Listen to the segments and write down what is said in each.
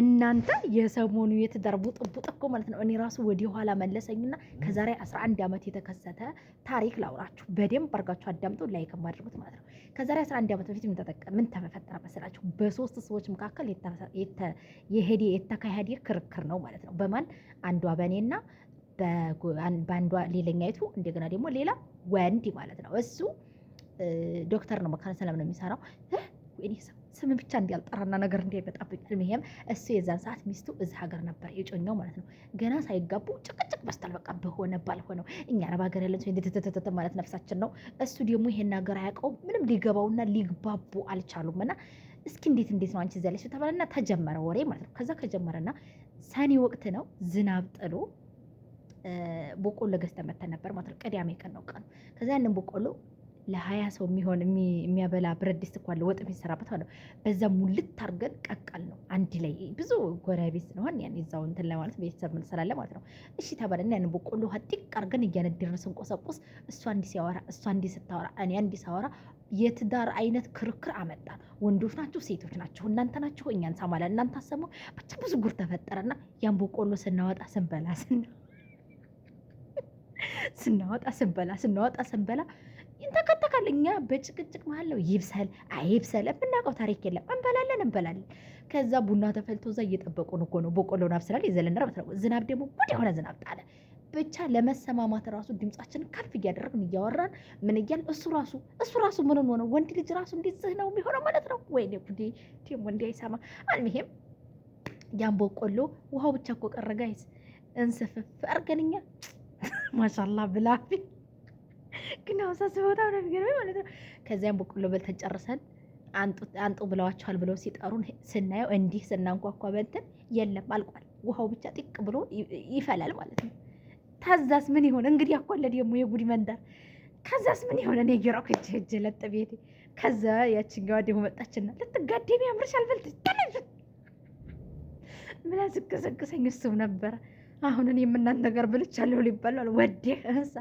እናንተ የሰሞኑ የትዳር ቡጥቡጥ እኮ ማለት ነው። እኔ ራሱ ወደኋላ መለሰኝና ከዛሬ 11 ዓመት የተከሰተ ታሪክ ላውራችሁ። በደንብ አርጋችሁ አዳምጡ፣ ላይክ ማድረጉት ማለት ነው። ከዛሬ 11 ዓመት በፊት ምን ተፈጠረ መሰላችሁ? በሶስት ሰዎች መካከል የሄደ የተካሄደ ክርክር ነው ማለት ነው። በማን አንዷ በእኔና በአንዷ ሌላኛይቱ እንደገና ደግሞ ሌላ ወንድ ማለት ነው። እሱ ዶክተር ነው፣ መካነ ሰላም ነው የሚሰራው ስም ብቻ እንዲያልጠራና ነገር እንዲያይመጣብኝ ህልምህም እሱ የዛን ሰዓት ሚስቱ እዚ ሀገር ነበር የጮኛው ማለት ነው። ገና ሳይጋቡ ጭቅጭቅ በስታል። በቃ በሆነ ባልሆነው እኛ አረብ ሀገር ያለን ሰው ማለት ነፍሳችን ነው። እሱ ደግሞ ይሄን ነገር አያውቀውም። ምንም ሊገባውና ሊግባቡ አልቻሉም እና እስኪ እንዴት እንዴት ነው አንቺ እዚያ ያለችው ተባለና ተጀመረ ወሬ ማለት ነው። ከዛ ከጀመረና ሰኔ ወቅት ነው ዝናብ ጥሎ በቆሎ ገዝተን መተን ነበር ማለት ነው። ቅዳሜ ቀን ነው ቀኑ። ከዛ ያንን በቆሎ ለሀያ ሰው የሚሆን የሚያበላ ብረት ድስት እኮ አለ ወጥ የሚሰራበት ማለት ነው። በዛ ሙልት አድርገን ቀቀል ነው አንድ ላይ ብዙ ጎረቤት ስለሆን ያን የዛው እንትን ለማለት ቤተሰብ ምን ስላለ ማለት ነው። እሺ ተባለና ያን በቆሎ ውሃ ጢቅ አድርገን እያነደርን ስንቆሰቁስ እሷ እንዲህ ሲያወራ እሷ እንዲህ ስታወራ እኔ እንዲህ ሳወራ የትዳር አይነት ክርክር አመጣ። ወንዶች ናችሁ ሴቶች ናችሁ እናንተ ናችሁ እኛን እንሰማለን እናንተ አሰሙ። ብቻ ብዙ ጉር ተፈጠረና ያን በቆሎ ስናወጣ ስንበላ ስናወጣ ስንበላ ስናወጣ ስንበላ ይንተከተካል። እኛ በጭቅጭቅ መሀል ነው ይብሰል አይብሰል የምናውቀው ታሪክ የለም። እንበላለን እንበላለን። ከዛ ቡና ተፈልቶ እዛ እየጠበቁን እኮ ነው። በቆሎ የዘለን አብስላል ነው። ዝናብ ደግሞ ጉድ የሆነ ዝናብ ጣለ። ብቻ ለመሰማማት ራሱ ድምጻችን ከፍ እያደረግን እያወራን ምን እያል እሱ ራሱ እሱ ራሱ ምን ሆነ ወንድ ልጅ ራሱ እንዲጽህ ነው የሚሆነው ማለት ነው። ወይኔ ጉዴ ቴም ወንድ አይሰማ አልሚሄም ያን በቆሎ ውሃው ብቻ እኮ ቀረ ጋይስ። እንስፍፍ አርገንኛ ማሻላ ብላፊ ግን አሁን ሳስበው በጣም ነው የሚገርመኝ ማለት ነው። ከዚያም በቆሎ በልተን ጨርሰን አንጡ ብለዋቸዋል ብለው ሲጠሩን ስናየው እንዲህ ስናንኳኳ በልተን የለም አልቋል፣ ውሃው ብቻ ጥቅ ብሎ ይፈላል ማለት ነው። ታዛስ ምን ይሆን እንግዲህ አኳለ ደግሞ የጉድ መንደር ከዛስ ምን ይሆን እኔ ጌራ እጅ እጅ ለጥ ቤቴ ከዛ ያችን ጋር ደግሞ መጣችና ልትጋደሚ ያምርሻል በልተሽ ምን ያስቀሰቅሰኝ እሱም ነበረ። አሁን እኔ የምናንተ ነገር ብልቻለሁ ሊበላል ወዴ እሳ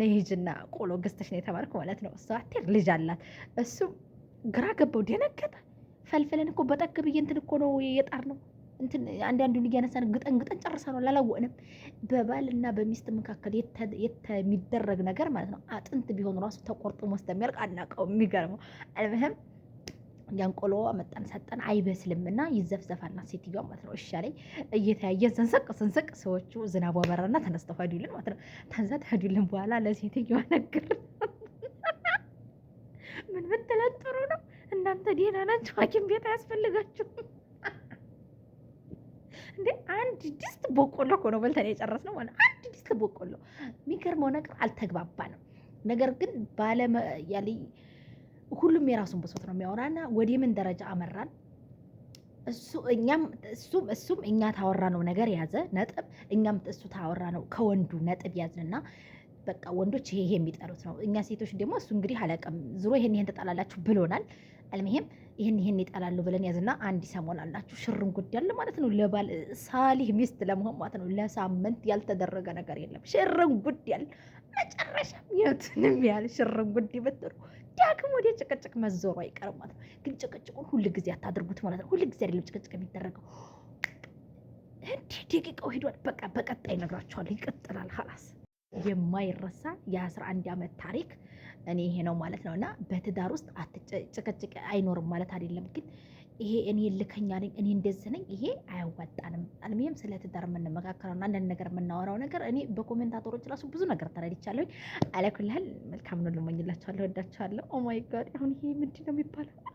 ነይጅና ቆሎ ገዝተሽ ነው የተባልኩ ማለት ነው። እሷ አቴር ልጅ አላት። እሱ ግራ ገባው፣ ደነገጠ። ፈልፈለን እኮ በጠቅ ብዬ እንትን እኮ ነው የጣር ነው እንትን አንዳንዱን እያነሳን ግጠን ግጠን ጨርሰ ነው አላወቅንም። በባልና በሚስት መካከል የሚደረግ ነገር ማለት ነው። አጥንት ቢሆን ራሱ ተቆርጥሞ ስለሚያልቅ አናውቀውም። የሚገርመው አልምህም ያንቆሎ መጠን ሰጠን አይበስልም እና ይዘፍዘፋና ሴትዮዋ ማለት ነው። እሻ ላይ እየተያየ ስንስቅ ስንስቅ ሰዎቹ ዝናቧ በራና ተነስተው ሄዱልን ማለት ነው። ተንዛ ሄዱልን በኋላ ለሴትዮዋ ነገር ምን ብትለን ጥሩ ነው እናንተ ደህና ናችሁ፣ ሐኪም ቤት አያስፈልጋችሁም እንዴ አንድ ድስት በቆሎ እኮ ነው በልተን የጨረስነው ማለት አንድ ድስት በቆሎ። የሚገርመው ነገር አልተግባባንም። ነገር ግን ባለ ሁሉም የራሱን ብሶት ነው የሚያወራና ወደ ምን ደረጃ አመራን? እሱ እኛም እሱም እሱም እኛ ታወራ ነው ነገር ያዘ ነጥብ፣ እኛም እሱ ታወራ ነው ከወንዱ ነጥብ ያዝንና በቃ ወንዶች ይሄ ይሄ የሚጠሩት ነው። እኛ ሴቶች ደግሞ እሱ እንግዲህ አለቀም ዝሮ ይሄን ይሄን ተጣላላችሁ ብሎናል። አልምሄም ይሄን ይሄን ይጠላሉ ብለን ያዝና አንድ ሰሞን አላችሁ ሽርን ጉድ ያለ ማለት ነው። ለባል ሳሊህ ሚስት ለመሆን ማለት ነው። ለሳምንት ያልተደረገ ነገር የለም። ሽርን ጉድ ያለ መጨረሻ የቱንም ያህል ሽርን ጉድ ይበትሩ ዳግም ወደ ጭቅጭቅ መዞሩ አይቀርም ማለት ነው። ግን ጭቅጭቁን ሁሉ ጊዜ አታድርጉት ማለት ነው። ሁሉ ጊዜ አይደለም ጭቅጭቅ የሚደረገው። እንዲህ ደቂቃው ሄዷል። በቃ በቀጣይ እነግራችኋለሁ። ይቀጥላል። ሀላስ የማይረሳ የአስራ አንድ ዓመት ታሪክ እኔ ይሄ ነው ማለት ነው። እና በትዳር ውስጥ ጭቅጭቅ አይኖርም ማለት አይደለም ግን ይሄ እኔ ልከኛ ነኝ እኔ እንደዚህ ነኝ ይሄ አያዋጣንም። አልሚም ስለ ትዳር የምንመካከረው እና አንዳንድ ነገር የምናወራው ነገር እኔ በኮሜንታቶሮች ራሱ ብዙ ነገር ተረድቻለሁ። አለኩልህል መልካም ነው። ልመኝላችኋለሁ፣ ወዳችኋለሁ። ኦማይ oh ጋድ አሁን ይሄ ምንድን ነው የሚባለው?